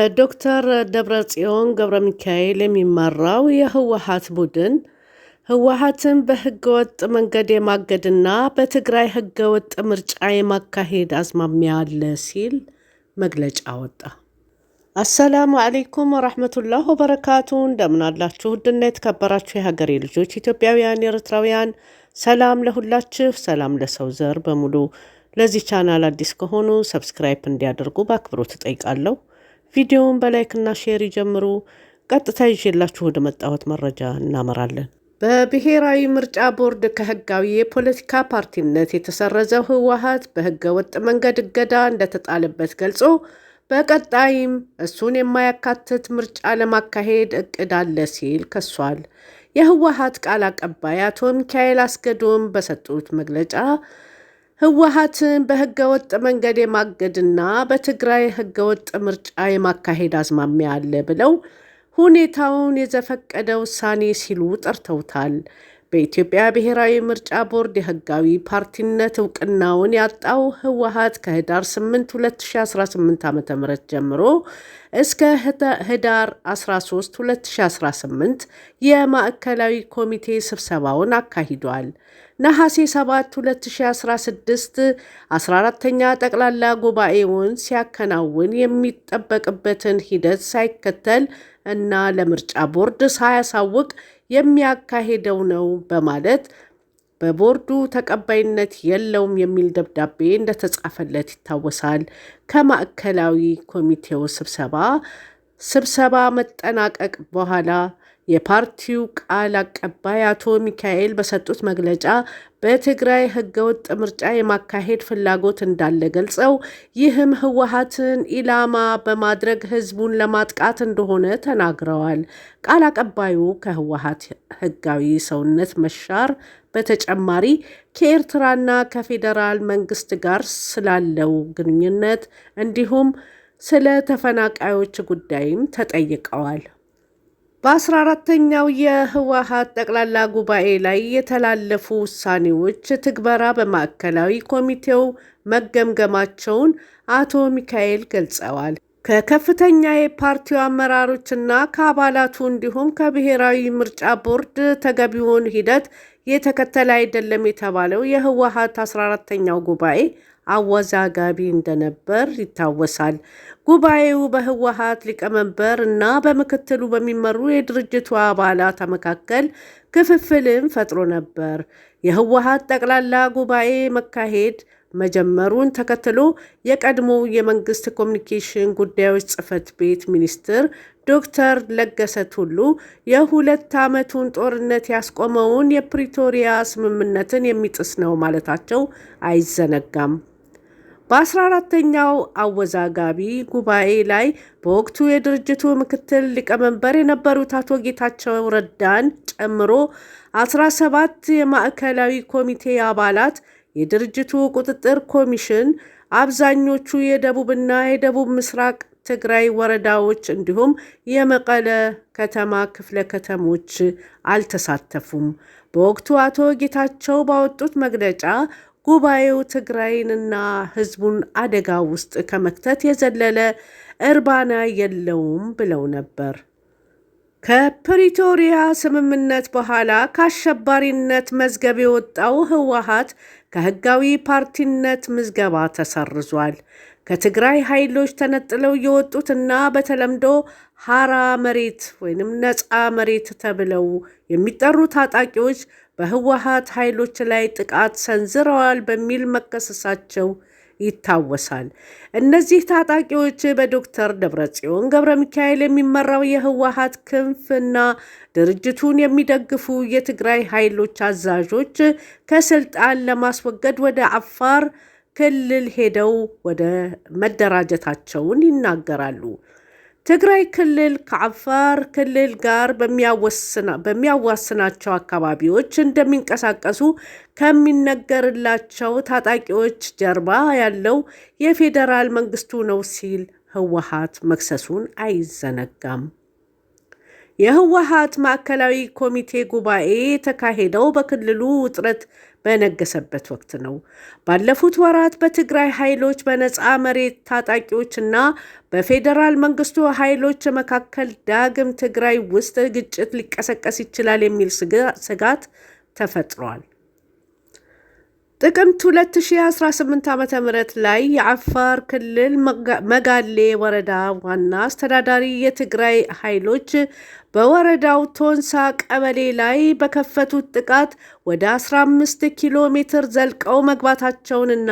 በዶክተር ጽዮን ገብረ ሚካኤል የሚመራው የህወሀት ቡድን ህወሀትን በህገወጥ መንገድ የማገድና በትግራይ ህገወጥ ምርጫ የማካሄድ አዝማሚያ አለ ሲል መግለጫ ወጣ። አሰላሙ አሌይኩም ወረሕመቱላህ ወበረካቱ። እንደምን አላችሁ ውድና የተከበራችሁ የሀገሬ ልጆች ኢትዮጵያውያን፣ ኤርትራውያን፣ ሰላም ለሁላችሁ፣ ሰላም ለሰው ዘር በሙሉ። ለዚህ ቻናል አዲስ ከሆኑ ሰብስክራይብ እንዲያደርጉ በአክብሮት እጠይቃለሁ። ቪዲዮውን በላይክና ሼር ይጀምሩ። ቀጥታ ይዤላችሁ ወደ መጣሁት መረጃ እናመራለን። በብሔራዊ ምርጫ ቦርድ ከህጋዊ የፖለቲካ ፓርቲነት የተሰረዘው ህወሀት በህገ ወጥ መንገድ እገዳ እንደተጣለበት ገልጾ በቀጣይም እሱን የማያካትት ምርጫ ለማካሄድ እቅድ አለ ሲል ከሷል። የህወሀት ቃል አቀባይ አቶ ሚካኤል አስገዶም በሰጡት መግለጫ ህወሀትን በህገወጥ መንገድ የማገድና በትግራይ ህገወጥ ምርጫ የማካሄድ አዝማሚያ አለ ብለው ሁኔታውን የዘፈቀደ ውሳኔ ሲሉ ጠርተውታል። በኢትዮጵያ ብሔራዊ ምርጫ ቦርድ የህጋዊ ፓርቲነት እውቅናውን ያጣው ህወሀት ከህዳር 8 2018 ዓ ም ጀምሮ እስከ ህዳር 13 2018 የማዕከላዊ ኮሚቴ ስብሰባውን አካሂዷል። ነሐሴ 7 2016 14ተኛ ጠቅላላ ጉባኤውን ሲያከናውን የሚጠበቅበትን ሂደት ሳይከተል እና ለምርጫ ቦርድ ሳያሳውቅ የሚያካሄደው ነው በማለት በቦርዱ ተቀባይነት የለውም የሚል ደብዳቤ እንደተጻፈለት ይታወሳል። ከማዕከላዊ ኮሚቴው ስብሰባ ስብሰባ መጠናቀቅ በኋላ የፓርቲው ቃል አቀባይ አቶ ሚካኤል በሰጡት መግለጫ በትግራይ ህገወጥ ምርጫ የማካሄድ ፍላጎት እንዳለ ገልጸው ይህም ህወሀትን ኢላማ በማድረግ ህዝቡን ለማጥቃት እንደሆነ ተናግረዋል። ቃል አቀባዩ ከህወሀት ህጋዊ ሰውነት መሻር በተጨማሪ ከኤርትራና ከፌዴራል መንግስት ጋር ስላለው ግንኙነት እንዲሁም ስለ ተፈናቃዮች ጉዳይም ተጠይቀዋል። በአስራ አራተኛው የህወሀት ጠቅላላ ጉባኤ ላይ የተላለፉ ውሳኔዎች ትግበራ በማዕከላዊ ኮሚቴው መገምገማቸውን አቶ ሚካኤል ገልጸዋል። ከከፍተኛ የፓርቲው አመራሮችና ከአባላቱ እንዲሁም ከብሔራዊ ምርጫ ቦርድ ተገቢውን ሂደት የተከተለ አይደለም የተባለው የህወሀት 14ኛው ጉባኤ አወዛጋቢ እንደነበር ይታወሳል። ጉባኤው በህወሀት ሊቀመንበር እና በምክትሉ በሚመሩ የድርጅቱ አባላት መካከል ክፍፍልን ፈጥሮ ነበር። የህወሀት ጠቅላላ ጉባኤ መካሄድ መጀመሩን ተከትሎ የቀድሞው የመንግስት ኮሚኒኬሽን ጉዳዮች ጽህፈት ቤት ሚኒስትር ዶክተር ለገሰ ቱሉ የሁለት ዓመቱን ጦርነት ያስቆመውን የፕሪቶሪያ ስምምነትን የሚጥስ ነው ማለታቸው አይዘነጋም። በ14ተኛው አወዛጋቢ ጉባኤ ላይ በወቅቱ የድርጅቱ ምክትል ሊቀመንበር የነበሩት አቶ ጌታቸው ረዳን ጨምሮ 17 የማዕከላዊ ኮሚቴ አባላት የድርጅቱ ቁጥጥር ኮሚሽን አብዛኞቹ የደቡብና የደቡብ ምስራቅ ትግራይ ወረዳዎች እንዲሁም የመቀለ ከተማ ክፍለ ከተሞች አልተሳተፉም። በወቅቱ አቶ ጌታቸው ባወጡት መግለጫ ጉባኤው ትግራይንና ሕዝቡን አደጋ ውስጥ ከመክተት የዘለለ እርባና የለውም ብለው ነበር። ከፕሪቶሪያ ስምምነት በኋላ ከአሸባሪነት መዝገብ የወጣው ህወሓት ከህጋዊ ፓርቲነት ምዝገባ ተሰርዟል። ከትግራይ ኃይሎች ተነጥለው የወጡትና በተለምዶ ሀራ መሬት ወይንም ነፃ መሬት ተብለው የሚጠሩ ታጣቂዎች በህወሀት ኃይሎች ላይ ጥቃት ሰንዝረዋል በሚል መከሰሳቸው ይታወሳል። እነዚህ ታጣቂዎች በዶክተር ደብረጽዮን ገብረ ሚካኤል የሚመራው ክንፍ ክንፍና ድርጅቱን የሚደግፉ የትግራይ ኃይሎች አዛዦች ከስልጣን ለማስወገድ ወደ አፋር ክልል ሄደው ወደ መደራጀታቸውን ይናገራሉ። ትግራይ ክልል ከአፋር ክልል ጋር በሚያዋስናቸው አካባቢዎች እንደሚንቀሳቀሱ ከሚነገርላቸው ታጣቂዎች ጀርባ ያለው የፌዴራል መንግስቱ ነው ሲል ህወሓት መክሰሱን አይዘነጋም። የህወሓት ማዕከላዊ ኮሚቴ ጉባኤ የተካሄደው በክልሉ ውጥረት በነገሰበት ወቅት ነው። ባለፉት ወራት በትግራይ ኃይሎች በነፃ መሬት ታጣቂዎችና በፌዴራል መንግስቱ ኃይሎች መካከል ዳግም ትግራይ ውስጥ ግጭት ሊቀሰቀስ ይችላል የሚል ስጋት ተፈጥሯል። ጥቅምት 2018 ዓ.ም ላይ የአፋር ክልል መጋሌ ወረዳ ዋና አስተዳዳሪ የትግራይ ኃይሎች በወረዳው ቶንሳ ቀበሌ ላይ በከፈቱት ጥቃት ወደ 15 ኪሎ ሜትር ዘልቀው መግባታቸውንና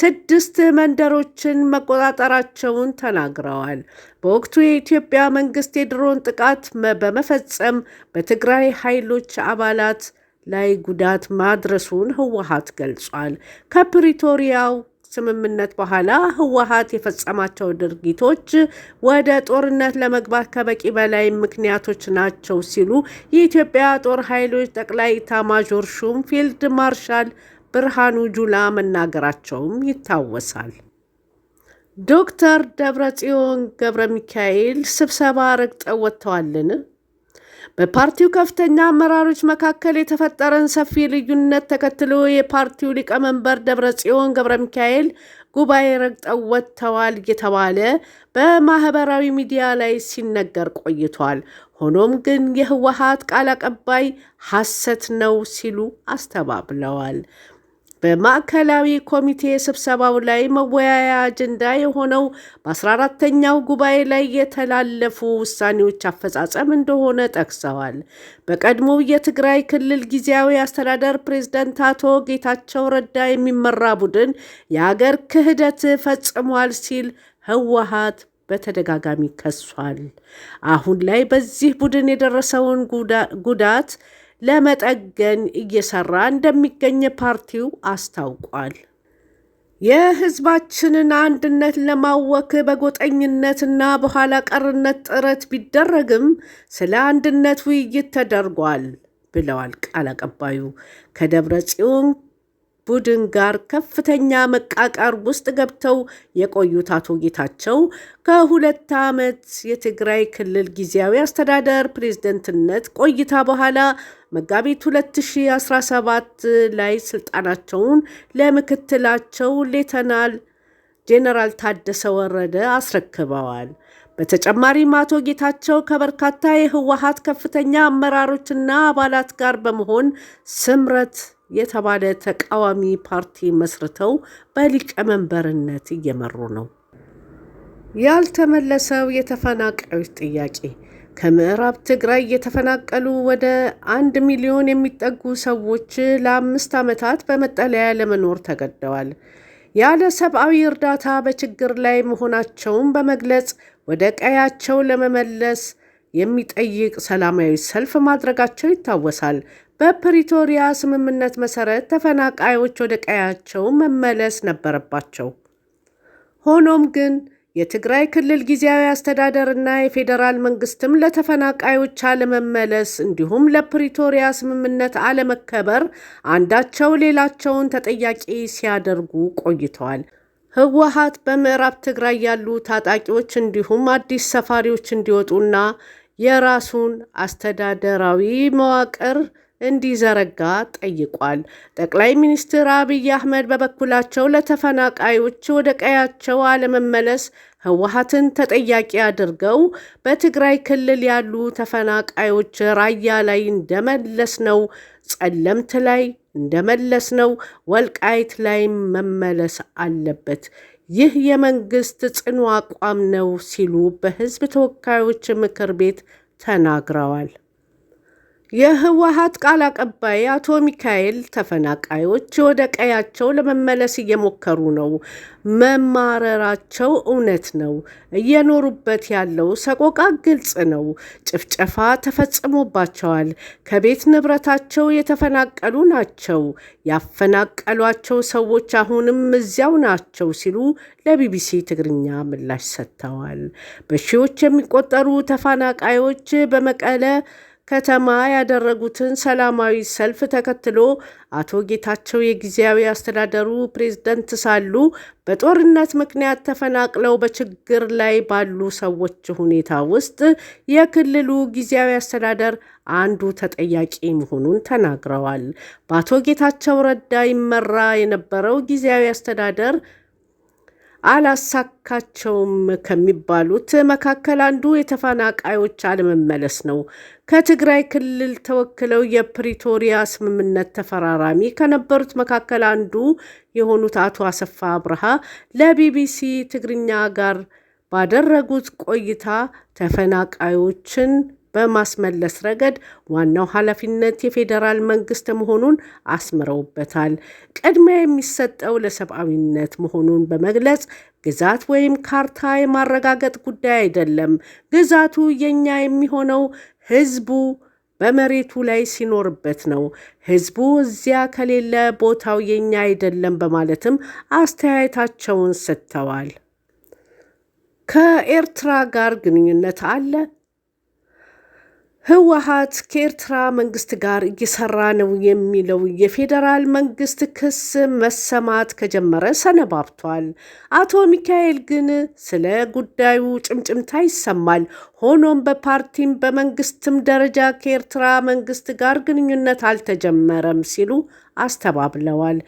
ስድስት መንደሮችን መቆጣጠራቸውን ተናግረዋል። በወቅቱ የኢትዮጵያ መንግስት የድሮን ጥቃት በመፈጸም በትግራይ ኃይሎች አባላት ላይ ጉዳት ማድረሱን ህወሀት ገልጿል። ከፕሪቶሪያው ስምምነት በኋላ ህወሀት የፈጸማቸው ድርጊቶች ወደ ጦርነት ለመግባት ከበቂ በላይ ምክንያቶች ናቸው ሲሉ የኢትዮጵያ ጦር ኃይሎች ጠቅላይ ኢታማዦር ሹም ፊልድ ማርሻል ብርሃኑ ጁላ መናገራቸውም ይታወሳል። ዶክተር ደብረጽዮን ገብረ ሚካኤል ስብሰባ ረግጠው ወጥተዋልን? በፓርቲው ከፍተኛ አመራሮች መካከል የተፈጠረን ሰፊ ልዩነት ተከትሎ የፓርቲው ሊቀመንበር ደብረጽዮን ገብረ ሚካኤል ጉባኤ ረግጠው ወጥተዋል እየተባለ በማህበራዊ ሚዲያ ላይ ሲነገር ቆይቷል። ሆኖም ግን የህወሓት ቃል አቀባይ ሐሰት ነው ሲሉ አስተባብለዋል። በማዕከላዊ ኮሚቴ ስብሰባው ላይ መወያያ አጀንዳ የሆነው በ14ተኛው ጉባኤ ላይ የተላለፉ ውሳኔዎች አፈጻጸም እንደሆነ ጠቅሰዋል። በቀድሞው የትግራይ ክልል ጊዜያዊ አስተዳደር ፕሬዝዳንት አቶ ጌታቸው ረዳ የሚመራ ቡድን የአገር ክህደት ፈጽሟል ሲል ህወሓት በተደጋጋሚ ከሷል። አሁን ላይ በዚህ ቡድን የደረሰውን ጉዳት ለመጠገን እየሰራ እንደሚገኝ ፓርቲው አስታውቋል። የሕዝባችንን አንድነት ለማወክ በጎጠኝነትና በኋላ ቀርነት ጥረት ቢደረግም ስለ አንድነት ውይይት ተደርጓል ብለዋል ቃል አቀባዩ። ከደብረ ጽዮን ቡድን ጋር ከፍተኛ መቃቃር ውስጥ ገብተው የቆዩት አቶ ጌታቸው ከሁለት ዓመት የትግራይ ክልል ጊዜያዊ አስተዳደር ፕሬዝደንትነት ቆይታ በኋላ መጋቢት 2017 ላይ ስልጣናቸውን ለምክትላቸው ሌተናል ጄኔራል ታደሰ ወረደ አስረክበዋል። በተጨማሪም አቶ ጌታቸው ከበርካታ የህወሀት ከፍተኛ አመራሮችና አባላት ጋር በመሆን ስምረት የተባለ ተቃዋሚ ፓርቲ መስርተው በሊቀመንበርነት እየመሩ ነው። ያልተመለሰው የተፈናቃዮች ጥያቄ ከምዕራብ ትግራይ የተፈናቀሉ ወደ አንድ ሚሊዮን የሚጠጉ ሰዎች ለአምስት ዓመታት በመጠለያ ለመኖር ተገደዋል። ያለ ሰብአዊ እርዳታ በችግር ላይ መሆናቸውን በመግለጽ ወደ ቀያቸው ለመመለስ የሚጠይቅ ሰላማዊ ሰልፍ ማድረጋቸው ይታወሳል። በፕሪቶሪያ ስምምነት መሰረት ተፈናቃዮች ወደ ቀያቸው መመለስ ነበረባቸው። ሆኖም ግን የትግራይ ክልል ጊዜያዊ አስተዳደርና የፌዴራል መንግስትም ለተፈናቃዮች አለመመለስ እንዲሁም ለፕሪቶሪያ ስምምነት አለመከበር አንዳቸው ሌላቸውን ተጠያቂ ሲያደርጉ ቆይተዋል። ህወሓት በምዕራብ ትግራይ ያሉ ታጣቂዎች እንዲሁም አዲስ ሰፋሪዎች እንዲወጡና የራሱን አስተዳደራዊ መዋቅር እንዲዘረጋ ጠይቋል። ጠቅላይ ሚኒስትር አብይ አህመድ በበኩላቸው ለተፈናቃዮች ወደ ቀያቸው አለመመለስ ህወሀትን ተጠያቂ አድርገው በትግራይ ክልል ያሉ ተፈናቃዮች ራያ ላይ እንደመለስ ነው፣ ጸለምት ላይ እንደመለስ ነው፣ ወልቃይት ላይ መመለስ አለበት። ይህ የመንግስት ጽኑ አቋም ነው ሲሉ በህዝብ ተወካዮች ምክር ቤት ተናግረዋል። የህወሀት ቃል አቀባይ አቶ ሚካኤል ተፈናቃዮች ወደ ቀያቸው ለመመለስ እየሞከሩ ነው። መማረራቸው እውነት ነው። እየኖሩበት ያለው ሰቆቃ ግልጽ ነው። ጭፍጨፋ ተፈጽሞባቸዋል። ከቤት ንብረታቸው የተፈናቀሉ ናቸው። ያፈናቀሏቸው ሰዎች አሁንም እዚያው ናቸው ሲሉ ለቢቢሲ ትግርኛ ምላሽ ሰጥተዋል። በሺዎች የሚቆጠሩ ተፈናቃዮች በመቀለ ከተማ ያደረጉትን ሰላማዊ ሰልፍ ተከትሎ አቶ ጌታቸው የጊዜያዊ አስተዳደሩ ፕሬዝደንት ሳሉ በጦርነት ምክንያት ተፈናቅለው በችግር ላይ ባሉ ሰዎች ሁኔታ ውስጥ የክልሉ ጊዜያዊ አስተዳደር አንዱ ተጠያቂ መሆኑን ተናግረዋል። በአቶ ጌታቸው ረዳ ይመራ የነበረው ጊዜያዊ አስተዳደር አላሳካቸውም ከሚባሉት መካከል አንዱ የተፈናቃዮች አለመመለስ ነው። ከትግራይ ክልል ተወክለው የፕሪቶሪያ ስምምነት ተፈራራሚ ከነበሩት መካከል አንዱ የሆኑት አቶ አሰፋ አብርሃ ለቢቢሲ ትግርኛ ጋር ባደረጉት ቆይታ ተፈናቃዮችን በማስመለስ ረገድ ዋናው ኃላፊነት የፌዴራል መንግስት መሆኑን አስምረውበታል። ቅድሚያ የሚሰጠው ለሰብአዊነት መሆኑን በመግለጽ ግዛት ወይም ካርታ የማረጋገጥ ጉዳይ አይደለም። ግዛቱ የኛ የሚሆነው ህዝቡ በመሬቱ ላይ ሲኖርበት ነው። ህዝቡ እዚያ ከሌለ ቦታው የኛ አይደለም በማለትም አስተያየታቸውን ሰጥተዋል። ከኤርትራ ጋር ግንኙነት አለ ህወሓት ከኤርትራ መንግስት ጋር እየሰራ ነው የሚለው የፌዴራል መንግስት ክስ መሰማት ከጀመረ ሰነባብቷል። አቶ ሚካኤል ግን ስለ ጉዳዩ ጭምጭምታ ይሰማል። ሆኖም በፓርቲም በመንግስትም ደረጃ ከኤርትራ መንግስት ጋር ግንኙነት አልተጀመረም ሲሉ አስተባብለዋል።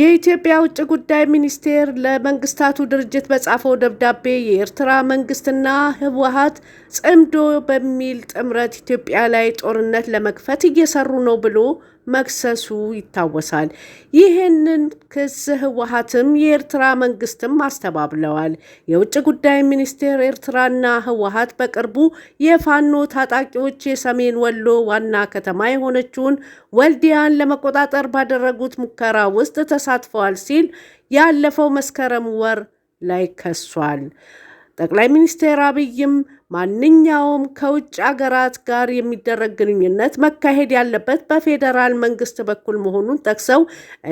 የኢትዮጵያ ውጭ ጉዳይ ሚኒስቴር ለመንግስታቱ ድርጅት በጻፈው ደብዳቤ የኤርትራ መንግስትና ህወሀት ጽምዶ በሚል ጥምረት ኢትዮጵያ ላይ ጦርነት ለመክፈት እየሰሩ ነው ብሎ መክሰሱ ይታወሳል። ይህንን ክስ ህወሀትም የኤርትራ መንግስትም አስተባብለዋል። የውጭ ጉዳይ ሚኒስቴር ኤርትራና ህወሀት በቅርቡ የፋኖ ታጣቂዎች የሰሜን ወሎ ዋና ከተማ የሆነችውን ወልዲያን ለመቆጣጠር ባደረጉት ሙከራ ውስጥ ተሳትፈዋል ሲል ያለፈው መስከረም ወር ላይ ከሷል። ጠቅላይ ሚኒስትር አብይም ማንኛውም ከውጭ አገራት ጋር የሚደረግ ግንኙነት መካሄድ ያለበት በፌዴራል መንግስት በኩል መሆኑን ጠቅሰው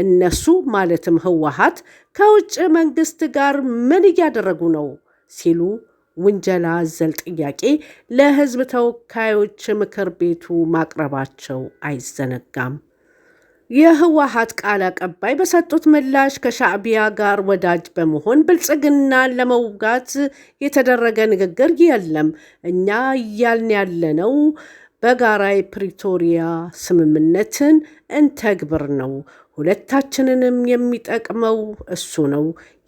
እነሱ ማለትም ህወሓት ከውጭ መንግስት ጋር ምን እያደረጉ ነው ሲሉ ውንጀላ አዘል ጥያቄ ለህዝብ ተወካዮች ምክር ቤቱ ማቅረባቸው አይዘነጋም። የህወሓት ቃል አቀባይ በሰጡት ምላሽ ከሻዕቢያ ጋር ወዳጅ በመሆን ብልጽግናን ለመውጋት የተደረገ ንግግር የለም፣ እኛ እያልን ያለነው በጋራ የፕሪቶሪያ ስምምነትን እንተግብር ነው። ሁለታችንንም የሚጠቅመው እሱ ነው፣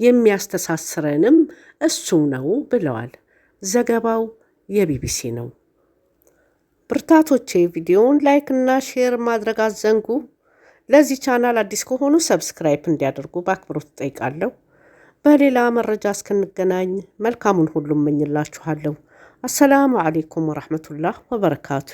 የሚያስተሳስረንም እሱ ነው ብለዋል። ዘገባው የቢቢሲ ነው። ብርታቶቼ ቪዲዮውን ላይክ እና ሼር ማድረግ አዘንጉ። ለዚህ ቻናል አዲስ ከሆኑ ሰብስክራይብ እንዲያደርጉ በአክብሮት ጠይቃለሁ። በሌላ መረጃ እስክንገናኝ መልካሙን ሁሉ እመኝላችኋለሁ። አሰላሙ አሌይኩም ወረሕመቱላህ ወበረካቱ።